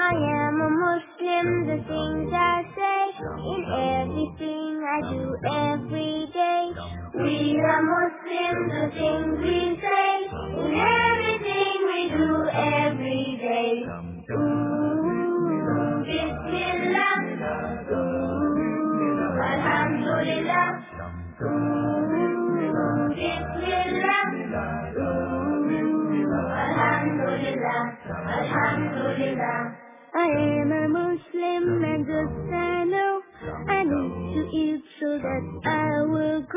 I am a Muslim, the things I say, in everything I do every day. We are Muslim, the things we say, in everything we do every day. Ooh.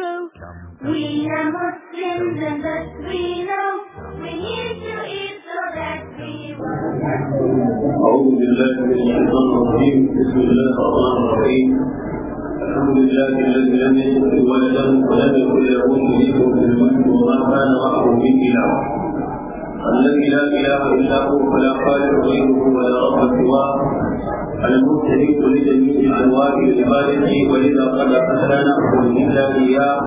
crew. We are Muslims and thus we know we need to eat so that we won't. أعوذ بالله من الشيطان الرجيم بسم الله الرحمن الرحيم الحمد لله الذي لم يتخذ ولدا ولم يكن له شريك في الملك وما كان معه من اله الذي لا اله الا هو فلا خالق غيره ولا رب سواه الممتلك لجميع انواع عبادته ولذا قد اهلنا الا اياه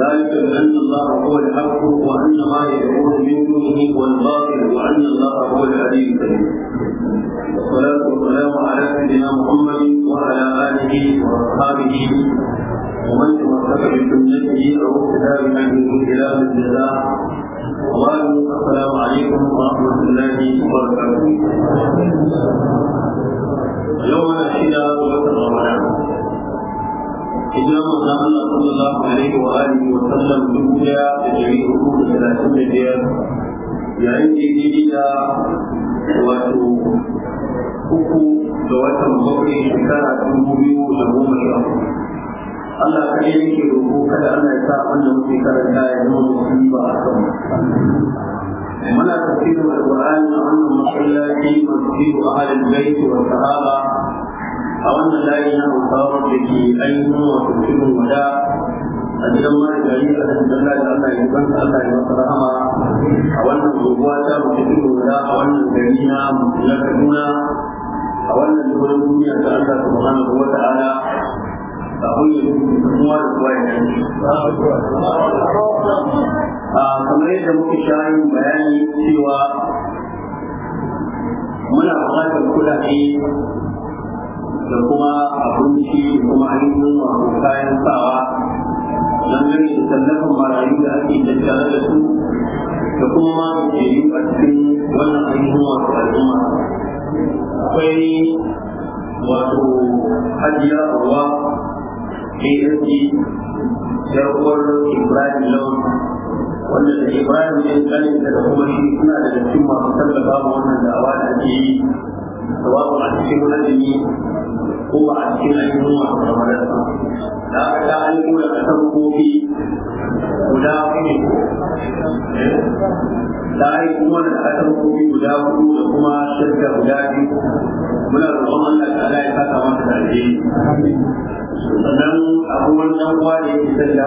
ذلك بان الله هو الحق وان ما يدعون من دونه هو الباطل وان الله هو العلي الكريم والصلاه والسلام على سيدنا محمد وعلى اله واصحابه ومن تمسك بسنته او اقتدى بهديه الى مثل الله وبعد السلام عليكم ورحمه الله وبركاته yau mana shida watan ramadan hijiran manzon Allah sallallahu alaihi wa alihi wa sallam duk daya da dari uku da talatin da biyar yayin da da wato biyu Allah ka yi yake roƙo kada Allah ya sa abin da muke karanta ya musulmi ba a kan muna tafsirin alqur'ani a wannan masallaci masjidu ahlul bait wa sahaba a wannan layi na musawar da ke ainihin wasu cikin wada a gidan mara gari a cikin da Allah ya san Allah ya masa rahama a wannan gobuwa ta mutum wada a wannan gari na na Kaduna a wannan doron duniya a kamar yadda muka sha yin bayani cewa muna buƙatar kuɗaɗe da kuma abinci da kuma ainihin masu kayan sawa don gani da tallafin marayu da ake tattare da su da kuma ma da yi a cikin wannan ainihin masu al'umma akwai wato hajiya ruwa ANC, jar'uwar Ibrahim Lawan wanda da ke bayan yin kanin da kuma shi suna da cikin masu tallafa ma wannan da'awa da ake yi sawa'un a cikin rajini ko ba a cikin ainihin masu ramadan ba da aka ta an yi da kasar kofi guda hudu da ai kuma da kasar kofi guda hudu da kuma shirka guda biyu muna roƙon Allah ta Allah ya saka masa da alheri sannan abubuwan dan uwa da yake sanya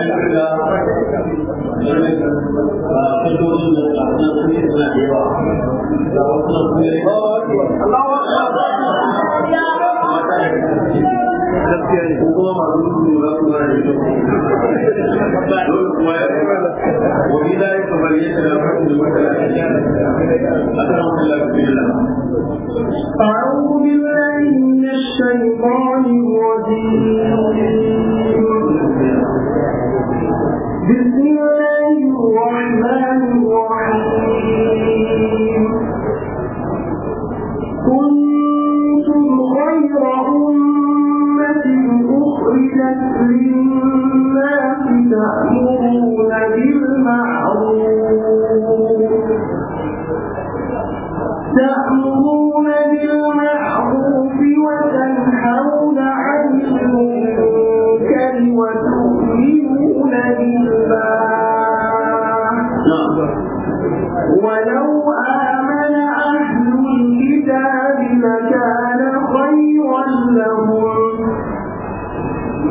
ne ya أعوذ بالله من الشيطان الرجيم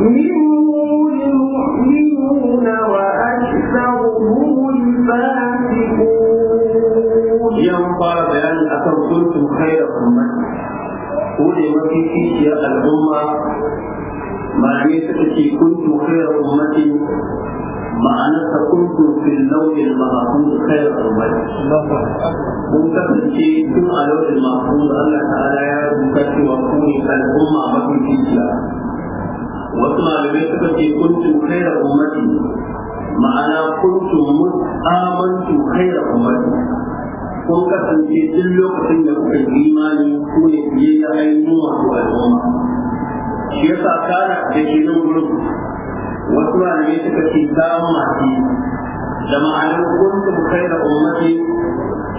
منهم المؤمنون وأكثرهم الفاسقون يوم قال بيان أكم كنتم خير أمة قولي ما في كيشيا الأمة معنى تكي كنتم خير أمة معنى كنتم في اللون المحفوظ خير أمة ممكن شيء كن اللون المحفوظ الله تعالى يا رب كتي وكوني الأمة ما في كيشيا wasu malamai suka ce kuntum khaira ummati ma'ana kuntum mun amantu khaira ummati kun kasance duk lokacin da kuka yi imani ku ne fiye da ainihin wasu al'umma shi yasa kana da shi nan gurin wasu malamai suka ce samun haƙi da ma'anar kuntum khaira ummati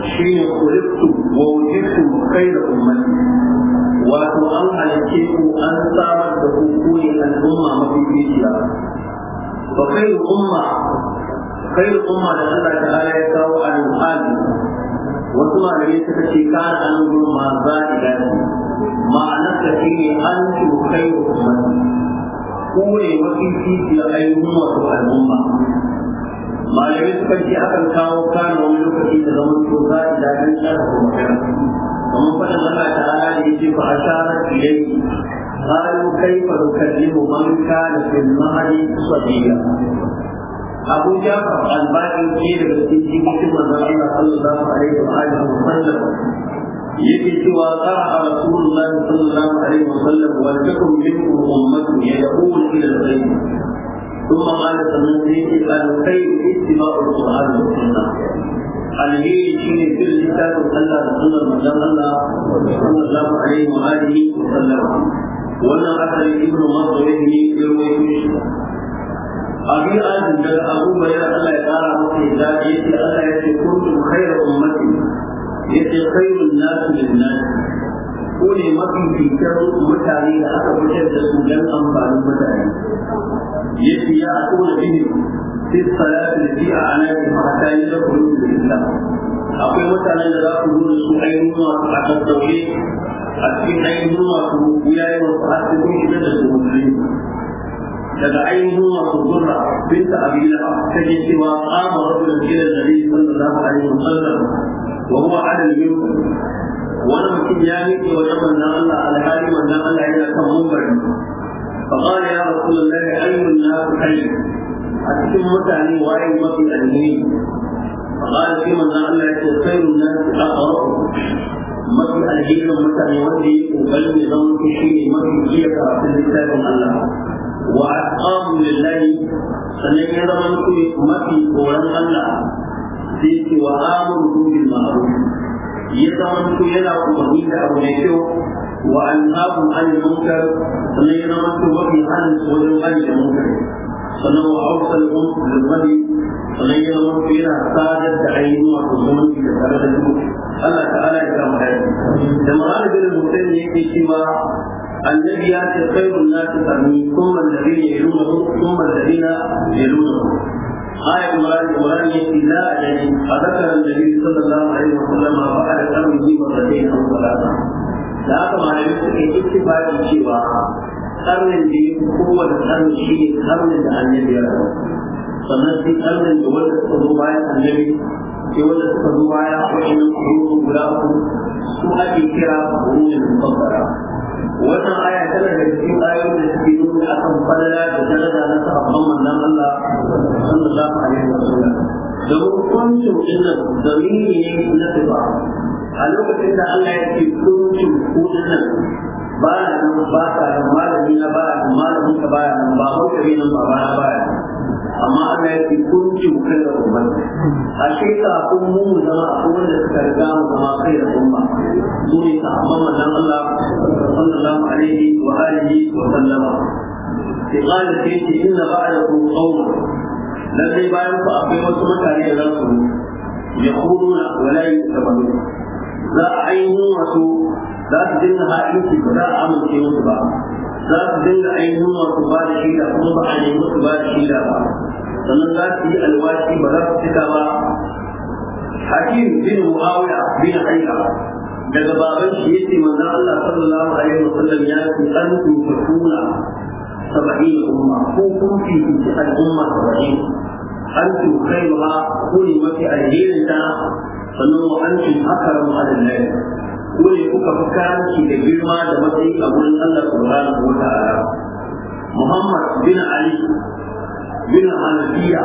shi ne kuliftu wa wujidtu khaira ummati wato an halicce ku an samar da ku ku al'umma mafi ficiya fa kai umma kai umma da Allah ta'ala ya kawo al-muhajir wasu malamai suka ce kana an gurma za ki gani ma'anar ta shi ne an ci kai ummati ku ne mafi yi ainihin wato al'umma malamai suka ce akan kawo kana wani lokaci da zaman to za ki da an tsara kuma kamar faɗin Allah ta ala da yake fa ashara za qalu kayfa nukallimu man kana fil mahdi sabila Abu Ja'far al-Baqi ke daga cikin cikin manzon Allah sallallahu alaihi wa alihi wa sallam yake cewa qara'a Rasulullahi sallallahu alaihi wa sallam wa takum minkum ummatun yad'una ila al-khayr ثم قال سمعت قالوا خير اتباع القران والسنه alheri shine bin littafin Allah da sunnar manzon Allah sallallahu alaihi wa alihi wa sallam wannan asalin ibnu mazrib ne ya rawaito shi abin azin da abu bayan Allah ya kara masa da yace Allah ya ce kuntum khayra ummati yace khayrun nas lin nas ko ne mafi fitar mutane da aka fitar da su don amfanin mutane yace ya a tsola bihin في الصلاة التي أعلنت مرتين تخرج الإسلام. أقول مثلا إذا كنت نسوحين وأصبح التوحيد أتفقين هو وأصبح وياي وأصبح المسلمين. تدعين هو وأصبح بنت أبي لهب تجد سوى قام رجل إلى النبي صلى الله عليه وسلم وهو على اليمن ولم يكن يعني يامك وجب ان نغلى على حالي وان نغلى الى كم فقال يا رسول الله اي الناس حي a cikin mutane waye mafi alheri قال في من قال لك خير الناس أقرأهم mafi alherin mutane wanda ya kokarin ya zama ku shi ne mafi iya karatun littafin Allah wa aqamu lillahi sannan ya zama ku mafi koran Allah sai ce wa amuru bil ma'ruf ya zama ku yana umarni da abu mai kyau wa anhabu anil munkar sannan ya zama ku mafi an wajen da munkar sannan wa awsal mutu lil sannan ya zama ku yana sadar da ainihin wato zumunci da tare da su Allah ta'ala ya kama hayar da ma'ana bin mutum ne yake cewa annabi ya ce khairun nasu sami kuma alladhina yalunahu kuma alladhina yalunahu آية القرآن التي لا أدري فذكر yi صلى الله عليه وسلم بعد قرنه مرتين أو ثلاثة. لا كما يمكن اتفاق ba. karnin da ya kowane karni shi ne karnin da annabi ya rabu sannan sai karnin da wanda suka zo bayan annabi sai wanda suka zo baya wa'annan kururu guda ku su ake kira kururin mukabbara wannan aya tana da cikin ayoyin da suke nuna akan falala da daraja na sahabban manzon Allah sallallahu alaihi wasallam da hukuncin dinnan zamiri ne na tuba a lokacin da Allah ya ce hukuncin kudin nan ba na nan ba ka nan malami na ba nan malamin ka ba nan ba ko kare nan ba na ba amma ana yi kunjin kai da umman a shi ka kun mu mu zama a kuma da suka riga mu zama kai da umma su ne ka amma manzon Allah sallallahu alaihi wa alihi wa sallama sai kana sai ce inna ba'dakum qawm lalle bayan ku akwai wasu mutane da za su yaquluna wa la yu'tabun za a ainihin wasu za su dinga ha'inci ba za a amince musu ba za su dinga ainihin wasu ba da shida kuma ba a nemi musu ba da shida ba sannan za su yi alwashi ba za su cika ba hakim bin muawiya bin aika daga baban shi yace manzo Allah sallallahu alaihi wasallam ya ce an tuntuna sab'in umma ko kun fi al-umma sab'in antum khayruha kuni mafi alherinta sannan wa antum akramu ala Allah Dole kuka fi karanci da girma da matsayi a wurin Allah subhanahu wa ta'ala Muhammad bin Ali bin Hanafiya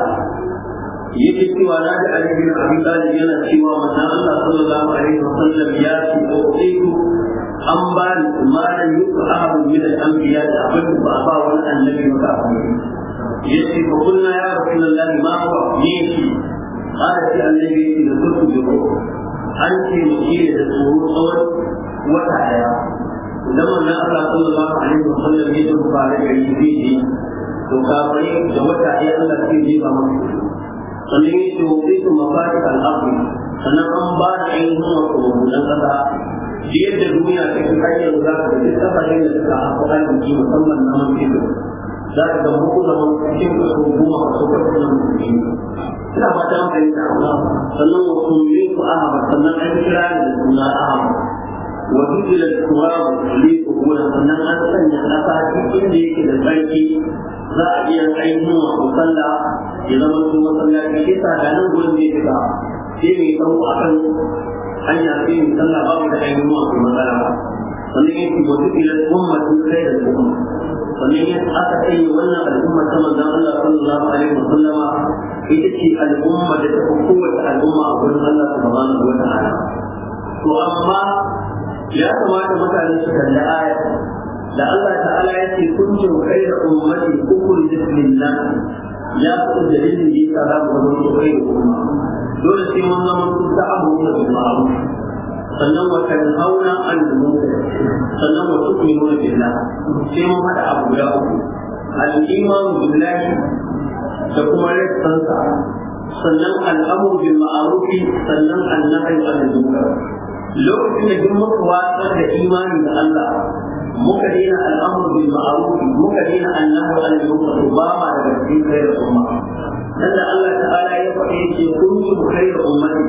yake cewa na da Ali bin Abi Talib yana cewa manzon Allah sallallahu alaihi wasallam ya ce ko ku an ba ni malan yuqahu min al-anbiya da abin ba ba wani annabi ba yace fa kullu ya rasulullahi ma huwa yake قال في النبي نزلت بالروح an jiya da tsoro tsawon wata daya idan wannan Allah sallallahu alaihi wa sallam ya tafi da gari zai je to kafare da wata daya Allah zai je ba musu sannan ya ce wa kai kuma fati al'afi sannan an ba da ainihin wasu rubutan kasa da duniya ta fi hanyar za ka da duk kasashen da suka haɓaka jiki musamman na mafi za ka ga muku zama cikin kaso goma kaso kaso na musulmi ina ba ta hankali ta sannan wasu ne ku ahaba sannan an kira da suna ahaba wasu jilar turabu ne ku gona sannan an sanya na cikin inda yake da tsarki za a iya ainihin wa musalla ya zama su masallaci shi sa da nan gurin ne shiga sai mai tsawo a kan hanya sai mai sallah babu da ainihin wa matsala sannan yake wasu jilar kuma masu kai da umma wannan ya aka sanya wannan al'umma ta manzon Allah sallallahu alaihi wasallama ita ce al'umma da ta kowace al'umma a gurin Allah subhanahu wa ta'ala to amma ya kamata mutane su kalli aya da Allah ta'ala ya ce kuntum khayra ummati ukhrijat lin-nas ya fi dalilin da ya tsara ga wani khayra umma dole sai mun zama su da abu da ma'ruf sannan wa tanhauna an munkar sannan wa tu'minuna billah sai mun hada abu guda uku al-imanu billahi da kuma rassansa sannan al'amur bil ma'arufi sannan annahi anil munkar lokacin da duk muka watsar da imani da Allah muka daina al'amur bil ma'ruf muka daina annahu an munkar ba ma da cikin khairar umma dan da Allah ta'ala ya faɗi yake kuntum khairu ummati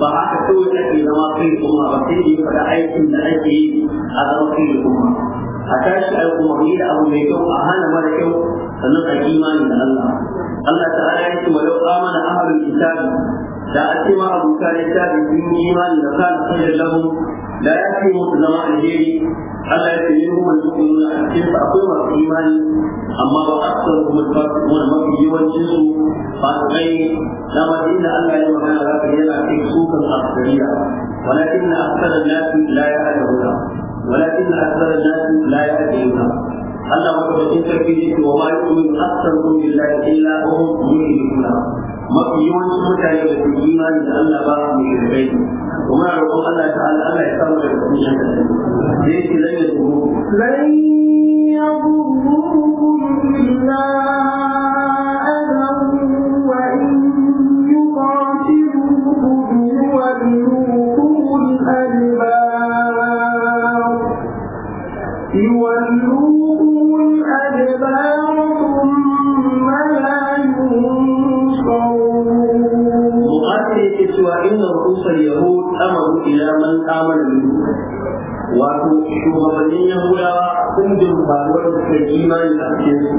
ba a ka haka kawai ke zama kai kuma ba sai yi faɗa aikin da ake yi a zama kai kuma a tashi a kuma yi da abu mai kyau a hana mara kyau sannan a imani da Allah Allah ta'ala ya ce walau amana ahlul kitabi da a ce ma abuka littafi sun yi imani da kan sallallahu da ya fi mutu zama alheri Allah ya fi yi mun wani akwai masu imani amma ba a san kuma ba kuma mafi yawancin su ba su kai da ma inda Allah ya magana za ka yana cikin sukan asiriya walakin na asara na na asara na su la ya Allah ma ka bakin sarki ne ke wa ma yi kuma asara kuma illa illa ko mun yi mafi yawancin mutane da su imani da Allah ba mu shirkai kuma roƙon Allah ta'ala Allah ya samu daga cikin shirkai da yake zai ya tsoro lan yadurrukum illa يولون رؤوس اليهود أمروا إلى من آمن منهم wato shugabannin yahudawa sun bin faruwar da suka yi imani a cikin su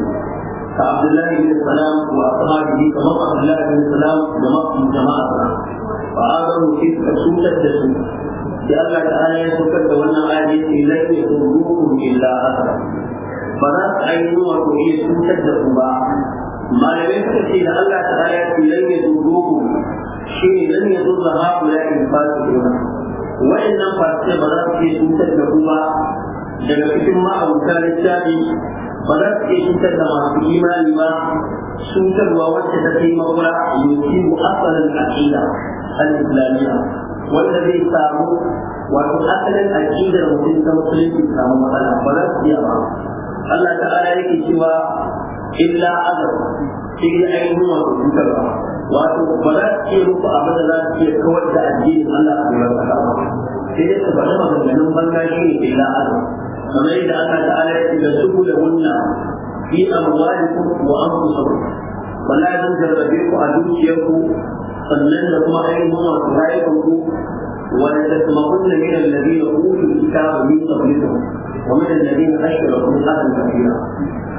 ka abdullahi bin salam wa ashabihi kamar abdullahi bin salam da mafi jama'a fa azamu fi suka cutar da su sai Allah ta'ala ya saukar da wannan ayati ce lan yahudukum illa asra ba za su ainihin wato iya cutar da su ba malamai suka ce da Allah ta'ala ya ce lan yahudukum shi ne lan ya zurra haƙula in fasikuna wa'annan fasikai ba za su iya cutar da kuma daga cikin ma'abuta littafi ba za su iya cutar da masu imani ba cutarwa wacce ta kai makura yusibu asalin aqida al-islamiyya wanda zai samu wato asalin aqidar mutum ta musulunci samu matsala ba za su iya ba Allah ta'ala yake cewa illa azab shi ainihin wato cutarwa wato ba za su iya muku abin da za su iya kawar da addinin Allah a cikin ƙasa sai dai su faɗi maganganun banza shi ne illa Allah kamar yadda Allah ta'ala ya ce da su da wannan fi amwalikum wa anfusakum wala zan jarrabe ku a ku. sannan da kuma ainihin wato rayukanku ولا تسمعن من الذين اوتوا الكتاب من قبلكم ومن الذين اشركوا اهلا كثيرا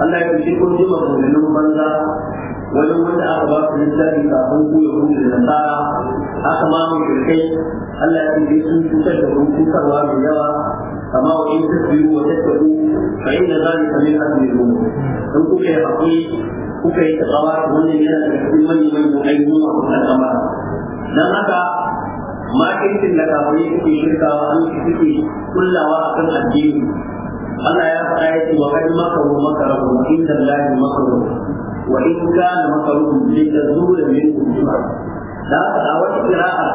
الله يمسككم جمل من بندا wani wanda aka ba su littafi kafin ku yahudu da nasara aka ma mu shirkai Allah ya ce sun cutar da ku cutarwa mai yawa kama wa in tasbiru wa tattaku fa inna zalika min azmi mai umur Don kuka yi hakuri kuka yi tsawa wannan yana da cikin manyan manyan ayyuka a kan al'amara Don haka makircin da kafin suke shirkawa an suke kullawa a kan addini Allah ya faɗa ya ce wa kai makaru makaru inda Allah makaru wa in kana makaruhu min dazuri min kutuba da ka dawar kira'a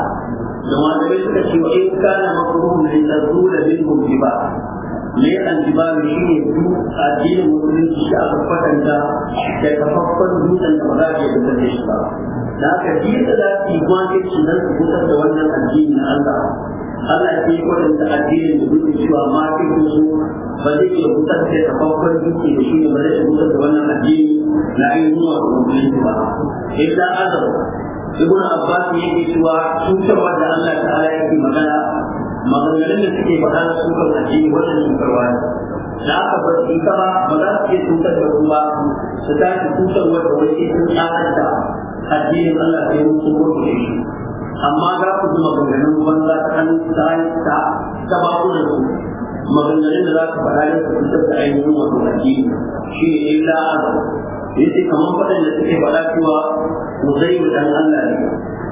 kuma da bai suka ce wa in kana makaruhu min dazuri min me an ji ba ni ne ku a ji mutum ki sha ka fadanta da ka fafan dutsen da ba ke shi ba da ka da zaki ko an ce nan ku ta wannan addini na Allah ya yi kwatanta addinin da duk cewa ma ke su ba zai iya hutar da tafafar duki da shi ne ba zai iya hutar da wannan addini na ainihin wato musulunci ba. Illa azab Ibn Abbas yake cewa cutarwar da Allah ta'ala yake magana maganganun da suke faɗa da su da addini wannan cutarwa ne. Da aka bar ita ba ba za su iya cutar da kuma su tashi cutarwar da wani sun tsarar da addinin Allah sai mun kuma shi. amma za ku ji maganganun banza ta an ta ta ba ku da maganganun da za ka faɗa da ku fitar da ainihin wato addini shi ne illa azab yace kamar faɗin da suke faɗa cewa Uzairu dan Allah ne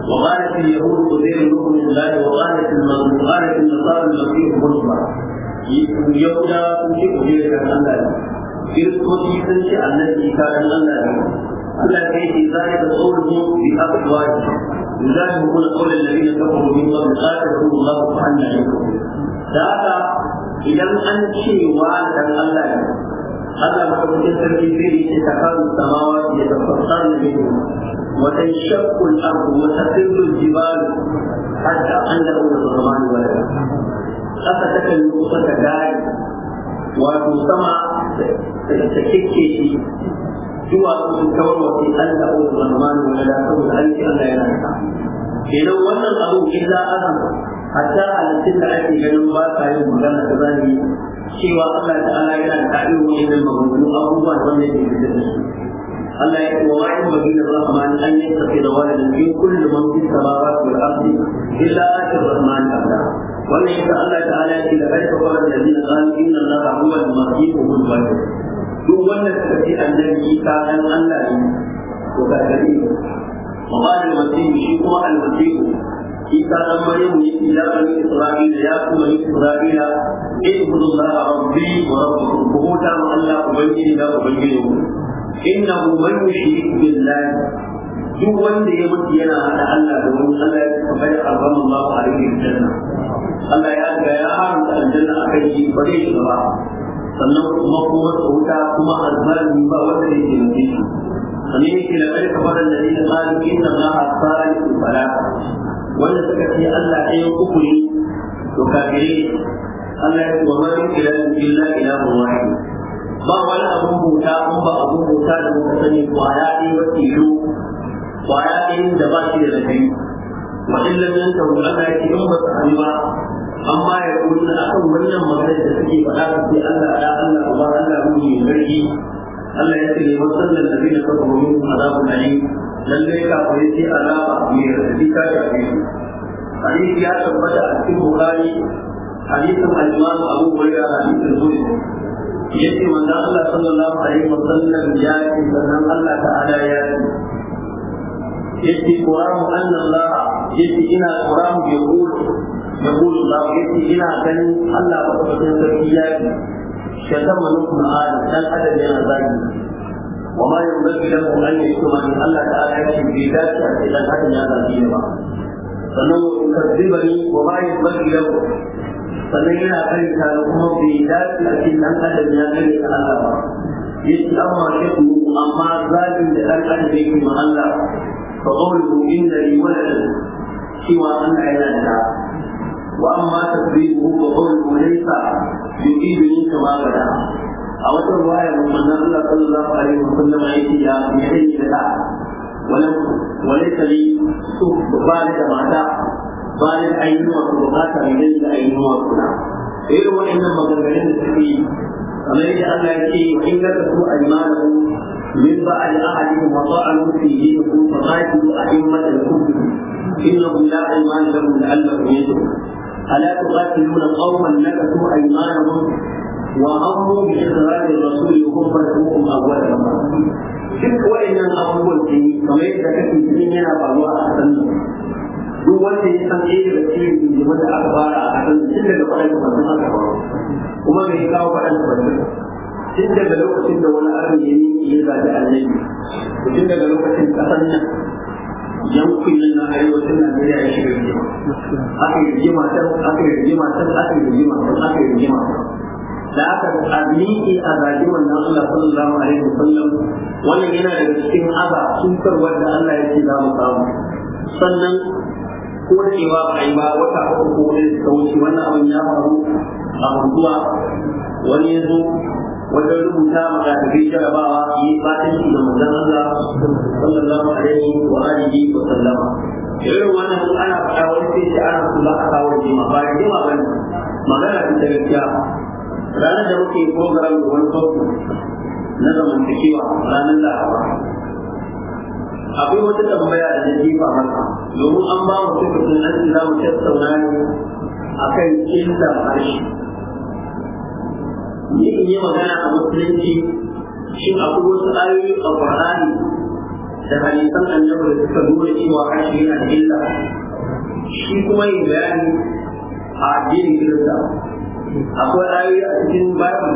وقالت اليهود عزير ابن الله وقالت وقالت النصارى المسيح ابن الله يهودا sun ce Uzairu dan Allah ne kiristoci sun ce annabi isa dan Allah ne Allah ya kai zai da qawluhu bi afwahi yuzahiruna qawla alladhina kafaru min qabl qataluhum Allah fa anna yakum da haka idan an ce wa dan Allah ne Allah madaukakin sarki zai yi ta kafaru da tafassar da وتنشق الأرض وتخر الجبال حتى أن أول الرحمن ولدا أفتك النقطة كاي وتسمع تشكي duwatsu sun kawar sai an da aure rahman wa la saboda an ce yana da kenan wannan abu illa adam hatta halittun da ake ganin ba sa yin magana ta zahiri cewa Allah ta'ala yana da ta'in wajen maganganu abubuwa da wanda yake fitar da su Allah ya ce wa ma in bagina rahman an tafi da waladan in kullu man fi samawati wal ardi illa atir rahman abda wannan yasa Allah ya ce da kai fa qala allazina qalu inna allaha huwa da mahdi wa huwa al-wahid duk wanda suka ce annabi Isa dan Allah ne to ka gani wa ba da masihu shi kuma almasihu Isa dan Maryamu ya ila bani Isra'ila ya kuma yi Isra'ila ihbudu Allah rabbi wa rabbukum ku huta ma Allah ubangiji da ubangiji ku innahu man yushrik billahi duk wanda ya mutu yana hada Allah da wani Allah ya tafi da harama Allah alaihi wasallam Allah ya ga ya haramta aljanna akai ba zai shiga ba sannan kuma kuma wuta kuma azzalimi ba wanda ne ke mace shi sannan yake da ƙarfa waɗanda ne da tsarin inda za a tsara ne fara wanda suka ce Allah ɗaya uku ne to kafire Allah ya ce wa ma min ilahin illa ilahun wahid ba wani abun bauta an ba abun bauta da muka sani kwaya ɗaya ba wata yiwu kwaya ɗaya da ba shi da lafiya wa illam yantahu Allah ya ce in ba su ba amma ya kuma kan wannan magana da suke faɗa su ce Allah da Allah uba Allah ruhi sarki Allah ya ce ne wasallan da zai kafa mun azabu ali lalle ka koyi ce azaba mai rabi ta ya fi hadisi ya tabbata a cikin bukhari hadisin al-imam abu hurairah hadisin zuhri yace manzo Allah sallallahu alaihi wasallam ya ce sannan Allah ta'ala ya ce yace quramu anna Allah yace ina quramu yaqulu يقول الله يأتي إلى أن الله مدوكين سركي شتم نقم آدم الأدب يا أزاجي وما ينبغي له أن يشتم الله تعالى يكتب في ذاته إلى الأدب يا أزاجي sannan kaziba ni wa ma yabghi lahu sannan yana kan ta kuma bi dace a cikin dan adam ya kai Allah ba an amma shi amma zalim da dan adam yake ma Allah fa qawluhu inna li cewa Allah yana da واما تكذيبه فقوله ليس يؤيدني كما بدا a wata ruwaya mun manzo Allah sallallahu alaihi wa sallam ya yi ya yi da da wala wala tali su bari da mata bari ayyuwa ko ba ta da ayyuwa ko na eh wannan maganganun da take yi amma idan Allah ya ce in ka ku ayyana min ba al ahadi wa ta'al fi yin ku fa ba ku ayyuma da ku inna billahi ma lahu al-alam yajib ألا تقاتلون قوما نكثوا أيمانهم وأمروا بإخراج الرسول وهم فتحوهم أول مرة duk wa'annan abubuwan da yi kamar yadda kake cikin yana faruwa a kasan nan duk wanda ya san ɗaya daga cikin jinjimin da aka fara a kasan tun daga faɗan da faɗan aka faru kuma mai kawo faɗan da faɗan tun daga lokacin da wani arni ya yi ya zaɓi annabi tun daga lokacin ƙasar nan nan na arewacin Najeriya ya shiga rigima. Aka yi rigima can, aka yi rigima can, aka yi rigima can, aka yi rigima can. Da aka azmiki a zagi wannan Allah sallallahu alaihi wa sallam wannan yana daga cikin aza cutar wanda Allah ya ce za mu samu. Sannan ko da cewa ba a yi ba wata uku ko wani da ta wuce wannan abin ya faru a Hunduwa wani ya zo wajen rubuta makatabi jarabawa yi fatan fatanci ga manzon Allah sallallahu alaihi wa alihi wa sallama irin wannan ana faɗa wani sai sai ana kula a kawo jima ba jima ba ne magana ta ta gaskiya ranar da muke program da wani sauku na zamantakewa ranar laraba akwai wata tambaya da zai jefa maka domin an ba mu tukutun an za mu tattauna ne akan illar harshe ni in yi magana a musulunci shi akwai wasu ayoyi a Qur'ani da hadisan annabi da suka nuna cewa harshe yana da illa shi kuma yin bayani a addinin Kirista akwai ayoyi a cikin Bible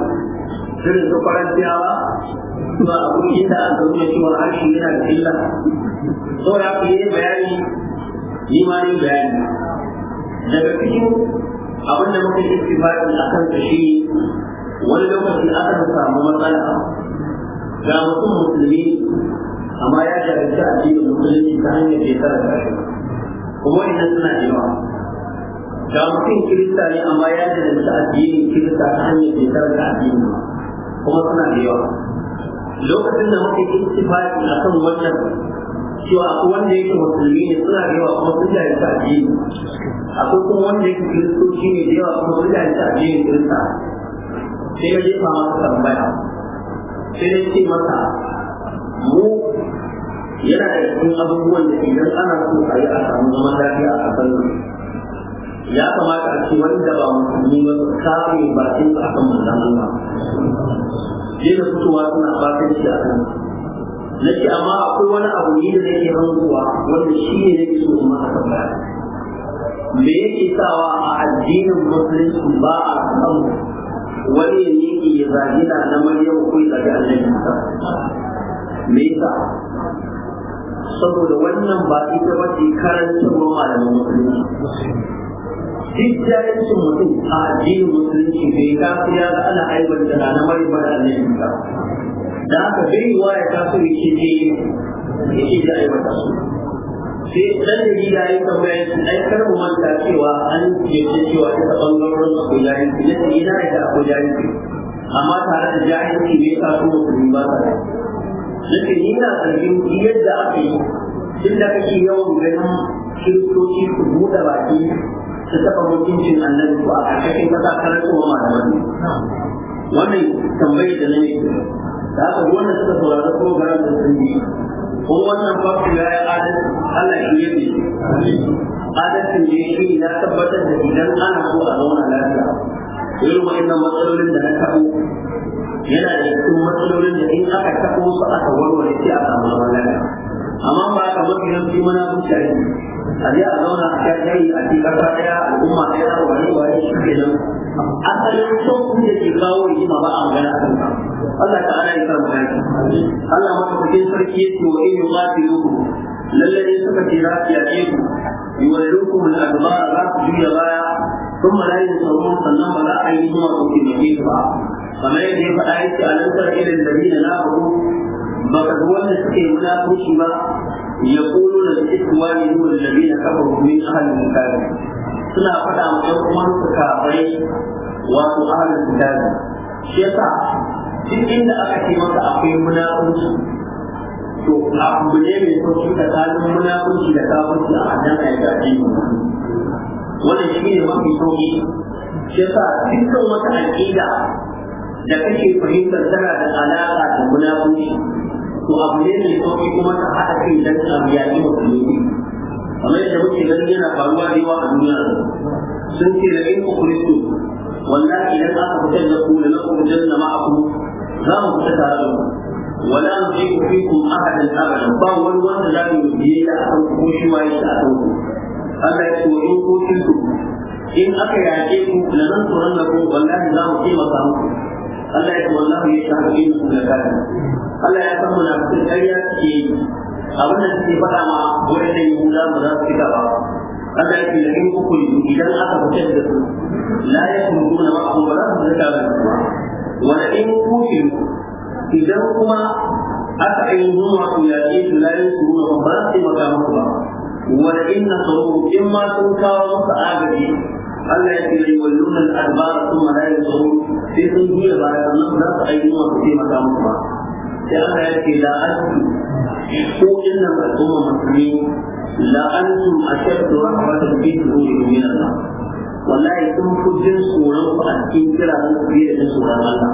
irin su Faransiyawa ba a kuɗi da aka nuna cewa harshe yana da illa saboda ku yi bayani ni ma yin bayani daga cikin abin da muka yi istifari a kan shi wani lokaci aka samu matsala ga mutum musulmi amma ya jahilci addinin musulunci ta hanyar shekara ta shi kuma ina suna da yawa ga mutum kirista ne amma ya jahilci addinin kirista ta hanyar shekara ta addinin kuma suna da yawa lokacin da muke istifaki a kan wannan cewa akwai wanda yake musulmi ne suna da yawa kuma sun jahilci addini akwai kuma wanda yake kiristoci ne da yawa kuma sun jahilci addinin kirista sai ya jefa tambaya sai ya mu yana da cikin abubuwan da idan ana so a yi a samu a ƙasar ya kamata a ce wanda ba musulmi ba kare ba sai ba suna shi a na amma akwai wani abu ne da wanda shi ne so in tambaya me sawa a addinin musulunci ba a wani ya miƙe ya zagi na na maryam ko ya zagi annabi isa me yasa saboda wannan ba ita ba ce karanta wa malamin musulunci duk jahilcin mutum a addinin musulunci bai kasu ya ga ana aibanta na na maryam da annabi isa da aka bai wa ya kasu ya ce ne ya ce da su sai dan da gida ya tambaya shi ai kar mu manta cewa an yadda cewa ta bangarorin abu jahilci ne sai ina da abu jahilci amma tare da jahilci bai sa su musulmi ba sa nake ni na zargin yadda aka yi tun da kake yawan ganin kiristoci su buɗe baki su taɓa mutuncin annabi ko a ƙarƙashin ƙasa karantowa malaman wannan tambayar da na yi da haka wannan suka saurari program da sun yi ko wannan babu ya yi adalci Allah shi ya fi adalcin da ya shi ya tabbatar da idan ana so a zauna lafiya irin wa'annan matsalolin da na taɓo yana da cikin matsalolin da in aka taɓo su aka warware sai a samu zaman lafiya amma ba ka mafi nan fi mana mutane a je a zauna a kan kai a ci karfa daya al'umma ɗaya na wani wani shi ke nan asalin son kun da ke kawo ma ba a magana a kan Allah ta ana yi mu magana Allah maka kuɗin sarki ya ce wa in yi ma lallai ne suka ce za su yaƙe ku yi wa yuku mun adubara za su juya baya sun ma layin sauran sannan ba za a yi zuwa ku taimake ku ba kamar yadda ya faɗa ya ce a lantar irin da na faru ba ka wannan suke munafurci ba ya kulu da suke wa ne nuna da labi na kafa rumin ahalin mutane suna faɗa ma ɗan kuma su kabai wato ahalin mutane shi yasa duk inda aka ce maka akwai munafurci to abu ne mai sauki tsakanin munafurci da kafurci a hannun ayyuka wannan shi ne mafi sauki shi yasa dukkan wata aƙida da kake fahimtar tana da alaƙa da munafunci to abu ne mai sauƙi kuma ta haɗa kai dan ta abu ya yi musulmi kamar yadda muke ganin yana faruwa da yawa a duniya sun ce da in ukuristu wallahi idan aka fitar da ku da na ku janna ma'akum za mu fita tare da ku ولا نطيق فيكم احدا ابدا فهو الوقت لا يمدي الى ان waye الى ان Allah ya ce in ko tilku in aka yaƙe ku la nan tsoron da ku wallahi za mu taimaka muku Allah ya ce wallahi ya shahadu in su la kana Allah ya san munafikai ƙarya suke yi abin da suke faɗa ma wurin da Yahuda ba za su fita ba Allah ya ce da in ku idan aka fitar da su la ya kuntu na ma'ahu ba za su zaka da su ba wala in ku idan kuma aka yi zuwa ku ya ce su la ya kuntu na ba za su taimaka muku ba wala in na sauro in ma sun kawo muku agaji Allah ya ce da yawallun al'adbar sun ma la ya sauro sai sun juya baya sannan ba za su aiki zuwa su taimaka muku ba da Allah ya ce la antu ko innal umma muslimin a antu ashaddu rahmatan bi dhuhuri min Allah wallahi kun fi jin tsoron ku a cikin kira da ku da jin tsoron Allah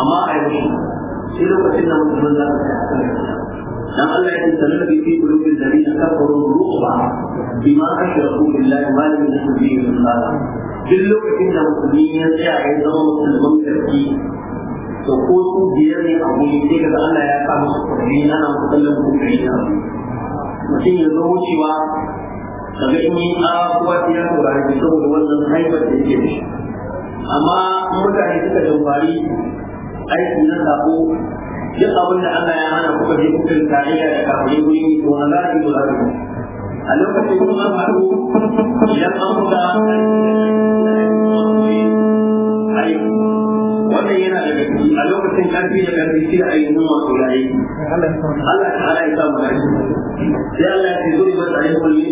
amma a yanzu sai lokacin da mutum za ka tsaya dan Allah ya sanar da fi kulubin da rina kafaru ruwa bima ashraku billahi wa da yushriku bihi min Allah duk lokacin da mutum ya tsaya ya zama musulman karfi to ko su biyar ne a guri sai ka Allah ya sa musu kuɗi na nan ku kai na mutum ya zo wucewa kaga in yi a kuwa ya saurari da saboda wannan haifar da yake shi amma mutane suka jamfari aiki na sako duk abin da Allah ya hana kuka je kuka tarayya da kafin guri ne to na za a yi a lokacin kuma an haɗu idan an a lokacin kafi da kafi shi da ayyukan masu Allah ala ya samu rayu sai Allah ya ce zuri ba tsaye kulli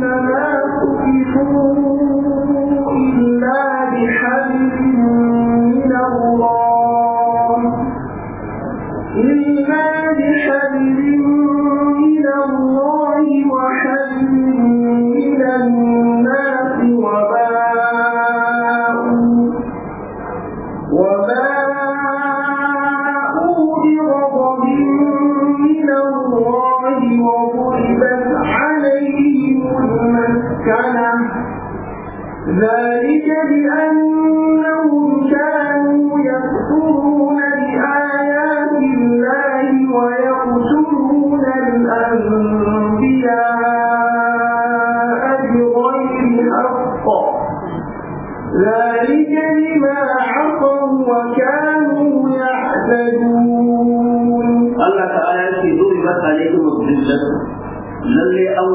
ضربت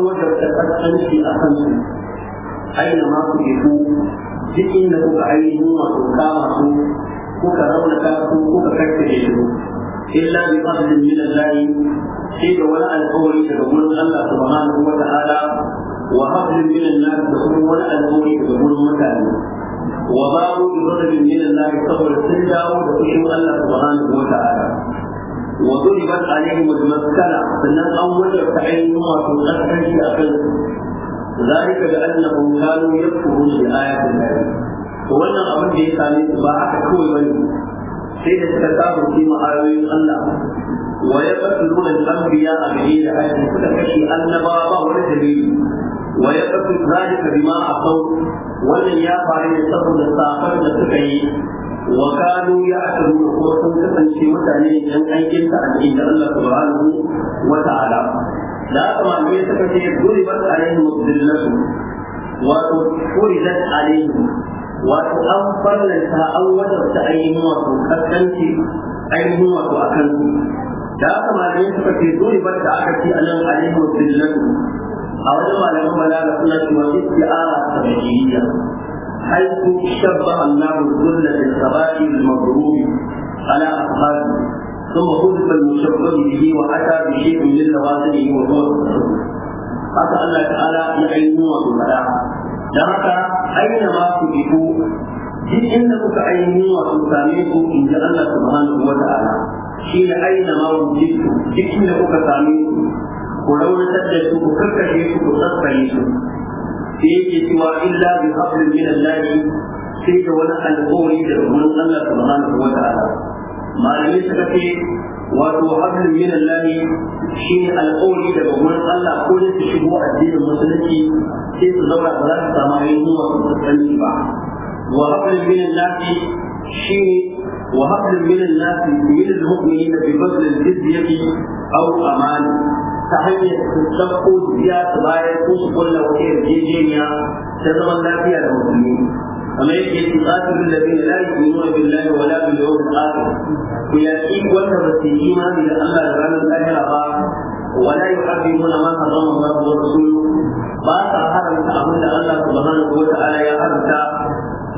wajen a kan وجبت قد أخنتم أينما ku, duk inda kuka ainihin masu kama su kuka raunata su kuka karkace su illa bi fadlin min Allah sai da wani alƙawari daga gurin Allah subhanahu wa ta'ala wa hablin min Allah da kuma wani alƙawari daga gurin mutane wa babu bi fadlin min Allah saboda sun dawo da kushin Allah subhanahu wa ta'ala wa duribat alaihim al-maskana sannan an wajarta ainihin a kan ذلك بأنهم كانوا يكفرون بآيات الله wannan abin da ya same su ba haka kawai bane sai da suka samu kima ayoyin Allah wa ya qatluna al-anbiya a gari da ayyukan suka kashe annabawa ba wa ya wannan ya faru saboda safar da suka yi wa kanu ya akaru da kuma sun kasance mutane idan aikin sa a cikin Allah subhanahu wa ta'ala da aka malamai suka ce dole ba ta alaihi mudillatu wato furidat alaihi wato an farlanta an wadanta ainihin wato kaskanci ainihin wato akan su da aka malamai suka ce dole ba ta aka ce anan alaihi mudillatu a wajen malaman balaga suna cewa isti'ara tabi'iyya حيث شبه الله الكل بالثبات المضروب على أصحابه ثم حذف المشبه به وأتى بشيء من لوازمه وهو haka Allah ta'ala ya ainihin wato fada da haka aina ma ku fito duk inda kuka ainihin wato same ku in ji Allah subhanahu wa ta'ala shi aina kuka same ku ku ku sai yake cewa illa bi hablin min Allah sai da wani alƙawari da rumun Allah subhanahu wa ta'ala malamai suka ce wato hablin min Allah shi ne alƙawari da rumun Allah ko da su shigo addinin musulunci sai su zauna ba za su samu ainihin wasu tsantsanci ba wa hablin min Allah shi ne wa hablin min Allah min al-mu'minina bi fadlil jizyati aw amani ta hanyar su ɗauko biya su baya ko su kulla wata yarjejeniya ta zaman lafiya da musulmi kamar yadda yake tsakin da zai la yu'minuna billahi wa la bil yawmil akhir ku yaki wanda ba su yi imani da Allah da ranar lahira ba ولا يحرمون ما su الله ورسوله باسا حرمت أبن الله سبحانه وتعالى يا حرمت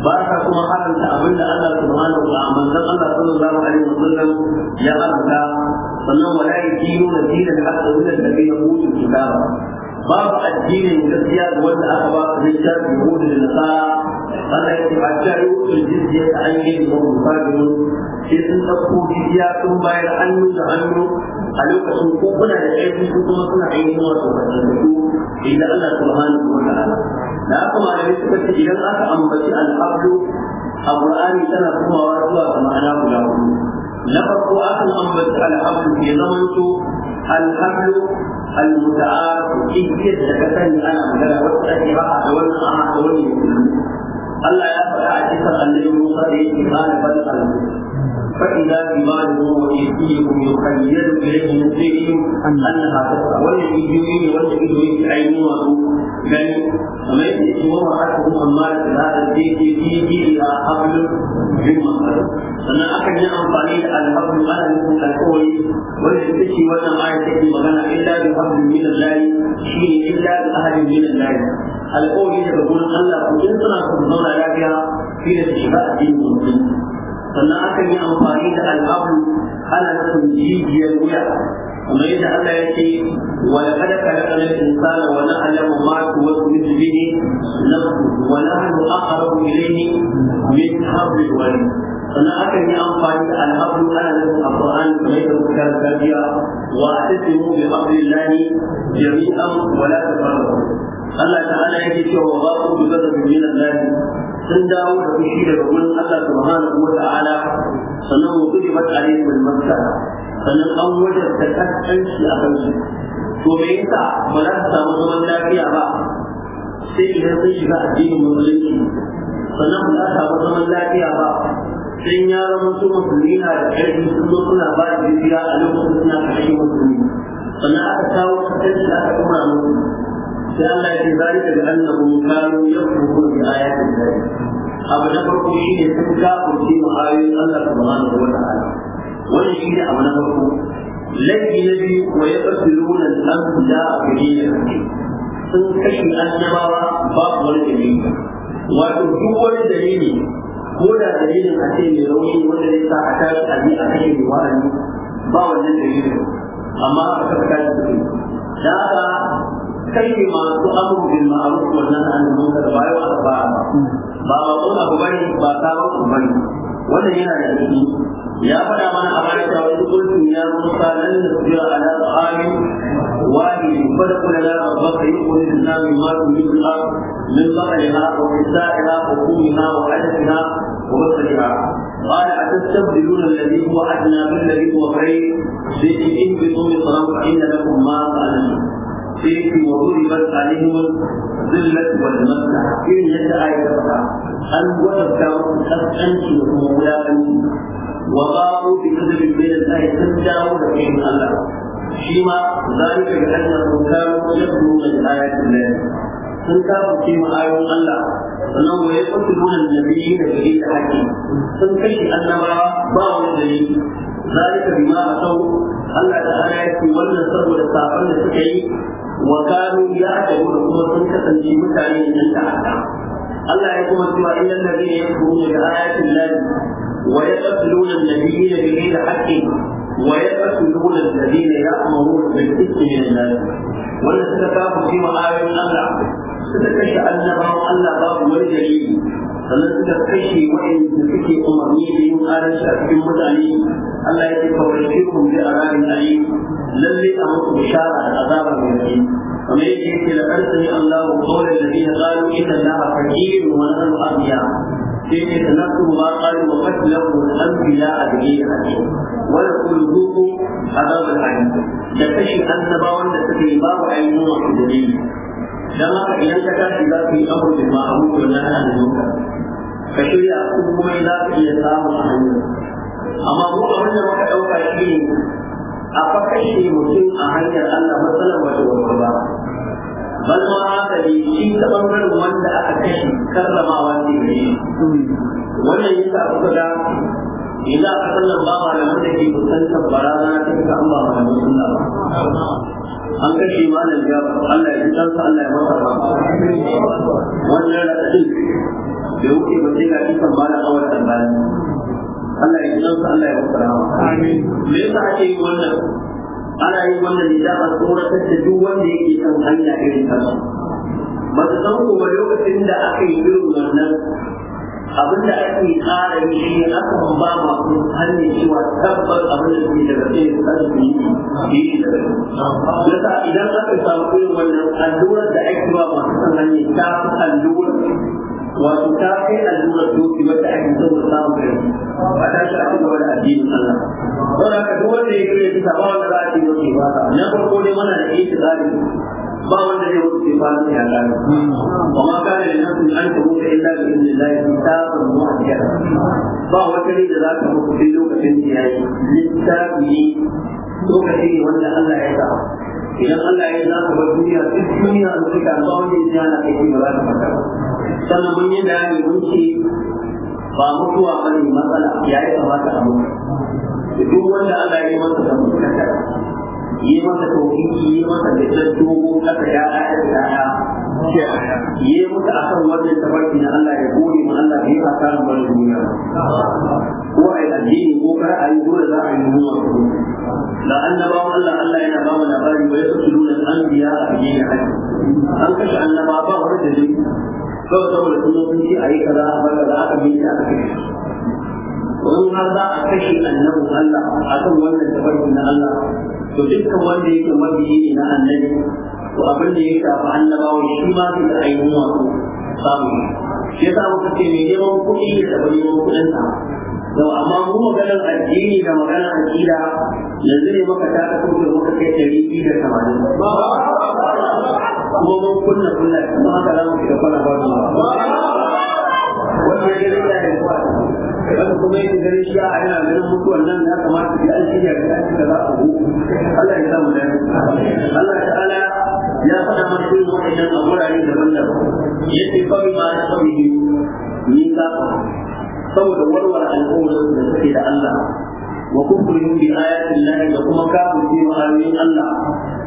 باسا كما حرمت أبن الله سبحانه وتعالى من الله صلى الله عليه وسلم ya حرمت sannan wala yadinuna dinan hatta wala alladhina utul kitaba babu addinin gaskiya da wanda aka ba su littafi yahudu da nasara Allah ya ce hatta yutul da ta ainihin muhammadu sai sun ɗauko jizya sun bayar hannu da hannu a lokacin ko kuna da ƙarfi ko kuma suna aiki ainihin da kasantattu idan Allah subhanahu wa ta'ala da aka malami suka ce idan aka ambaci al'abdu a Qur'ani tana komawa zuwa ga ma'ana guda hudu na farko akan ambaci al'abdu ya zamanto al'abdu al-muta'ar igiyar da ka sani ana magana wata ake ba da wannan a da wannan Allah ya faɗa a cikin annabi Musa da yake ba da فإذا بمالهم وجسمهم يخيل إليه من ذكرهم أنها تسعى والذي يجيبني والذي يجيب عينها يعني فما يجيب ومرأتهم أمارة هذا البيت يجيب إلى حبل من مصر أنا أكن أمطاني على حبل أنا لكم الكوي والذي تشي وأنا ما يتكي مغنى إلا بحبل من الله شيء إلا بأهل من الله الكوي يقول الله إن صنعكم ضمن لك في نفسي فأتي من sannan aka yi amfani da al'abu ana nufin jijiyar wuya kamar yadda Allah ya ce wa laqad khalaqna al-insana wa na'lamu ma tuwaswisu bihi nafsu wa nahnu aqrabu ilayhi min hablil warid sannan aka yi amfani da al'abu ana da nufin alquran kamar yadda muka karanta wa atasimu bi hablillahi jami'an wa la tafarraqu Allah ta'ala yake cewa wa ba ku da gadabi min Allah sun dawo da fushi daga wurin Allah subhanahu wa ta'ala sannan mu kudi ba tare da makka sannan an wajen ta shi a kansu to me yasa ba za su samu zaman lafiya ba sai idan sun shiga addinin musulunci sannan ba za su samu zaman lafiya ba Sun ya zama su musulmi na da ƙarfi sun zo suna ba da jizya a lokacin suna kashe musulmi sannan aka kawo kasance aka kuma musulmi sai Allah ya ce zalika bi annahum kanu yakfuruna bi ayati Allah abu na farko shine sun kafirce mu ayoyin Allah subhanahu wa ta'ala wannan shine abu na farko laifi na biyu wa yaqtuluna al-anbiya bi sun kashe annabawa babu wani dalili wato duk wani dalili ko da dalilin a ce mai rauni wanda ya sa a tashi a bi a kashe mai wa'azi ba wannan dalilin amma aka kasa da su da haka kai ne masu amru bil ma'ruf wa nahy anil munkar ba yau aka ba ba ba ko abu bane ba bane wannan yana da ciki ya faɗa mana a baya cewa wani kulkin ya musa lan nasbira ala ta'amin wahid fadqul lana rabbaka yuqul lana mimma tumila min baqaliha wa kisaiha wa qumiha wa adatiha wa basriha قال أتستبدلون الذي هو أدنى بالذي هو خير بإن بطول صنم فإن لكم ما سألتم sai ki wuri ban alihi wal zillat wal masa irin yadda ayi ta faɗa an wadanta musu kaskanci da kuma wulakanci wa babu bi kadabin min al-ayat sun dawo da kai Allah shi ma zalika bi annahu wajen yadrun al-ayat lillahi sun kafa ma ayoyin Allah sannan wa yakuntu dunan nabiyyi da bi da haƙi sun kashe annabawa ba wani dalili zalika bima asau Allah ta'ala ya ce wannan saboda sabon da suka yi wa kanu ya'tabu kuma sun kasance mutane ne da haka Allah ya kuma cewa innal ladina yakfuruna bi ayati llahi wa yaqtuluna an-nabiyina bighayri haqqin wa yaqtuluna alladhina ya'muruna bil ithmi min an-nas wanda suka kafa cewa ayoyin Allah suka kashe annabawan Allah babu wani dalili sannan suka kashe waɗanda suke umarni da yin adalci a cikin mutane Allah ya ce kawai shi kun bi a rabin ali lalle a musu bishara da azaba mai rabi kamar yadda yake da arsani Allah wa qawla alladhina qalu inna Allah faqirun wa nahnu aghniya sai ce tanassu ma qalu wa qatlahu al-anbiya adhiya wa yaqulu dhuqu azab al da kashe annabawan da suke babu ainihin wasu dalili dan haka idan ka tashi za ka yi abu da ma'amu to na hana da nuka ka shirya kuma za ka iya samun a hanyar amma mu abin da muka ɗauka shi ne a fakashe mutum a hanyar Allah matsalar wata wata ba bal ma haka ne shi ta ɓangaren wanda aka kashe karramawa ne da shi wannan yi sa kuka ga idan aka sallan ba malaman da ke kusantar barazana ta ka an ba malaman sunna ba an kashe malam jaba Allah ya tsara su Allah ya masa ba wannan radadin da wuce ba sai ga kisan malam awar da malam Allah ya tsara su Allah ya masa ba amin me yasa ake yi wannan ana yin wannan ne da a tsoratar da duk wanda yake son hanya irin ta ba su san ko ba lokacin da aka yi irin wannan abin da ake ƙara yi shi ne aka ba ma ku hanyar cewa tabbar abin da ke daga ce da su yi yi shi da yasa idan aka samu irin wannan allurar da ake ba masu san hanyar ta fi allurar wato ta kai allurar doki wadda ake son da samun kai ba ta shi ake gaba da addinin Allah don haka duk wanda ya kire ta ba wanda za a ce ba na farko dai mana da iya tsari ba wanda zai mutu sai ba ya gano wa ma kana da nasu an ta mutu illa bi idnillahi kitabun mu'ajjal ba wata ne da zaka mutu sai lokacin da yayi littafi ne lokaci ne wanda Allah ya sa idan Allah ya za ka bar duniya duk duniya da suka ba wanda ya na kai ba za ka fata sannan mun yi bayani mun ce ba mutuwa bane matsala ya yi kamata a mutu duk wanda Allah ya yi masa da mutu yi masa tauhidi yi masa littar dogo kasa ya ya da ya yi masa akan wannan tabarki na Allah ya gode mu Allah bai a samu wani duniya ko a yi addini ko kar a yi dole za a yi nuna su da annabawan Allah Allah yana ba mu labari wa ya nuna na anbiya a biye haji an kashe annaba ba wani da zai kawai saboda sun yi a yi kaza a bar kaza aka bi aka kashe in har za a kashe annabin Allah a kan wannan tafarki na Allah to dukkan wanda yake mabiyi na annabi to abin da ya shafi annabawa shi ma sai da ainihin wato samu shi yasa muka ce mai neman kuɗi da taɓa neman kuɗinsa to amma mu maganar addini da maganar aƙida yanzu ne muka ta kaso da muka kai ɗari biyu da tamanin kuma mun kunna kunna kuma haka za mu shiga kwana ba wannan dare ya yi kwa wani kuma yin gari shi a yana ganin mutuwan nan ya kamata ya an shirya ga da za ku Allah ya sa mu dai Allah ta'ala ya faɗa mana irin waɗannan a wurare daban-daban yace kawai ma ya kawai ni ka saboda warware al'ummar da suke da Allah وكفرهم بآيات الله وكما كانوا في مآمين الله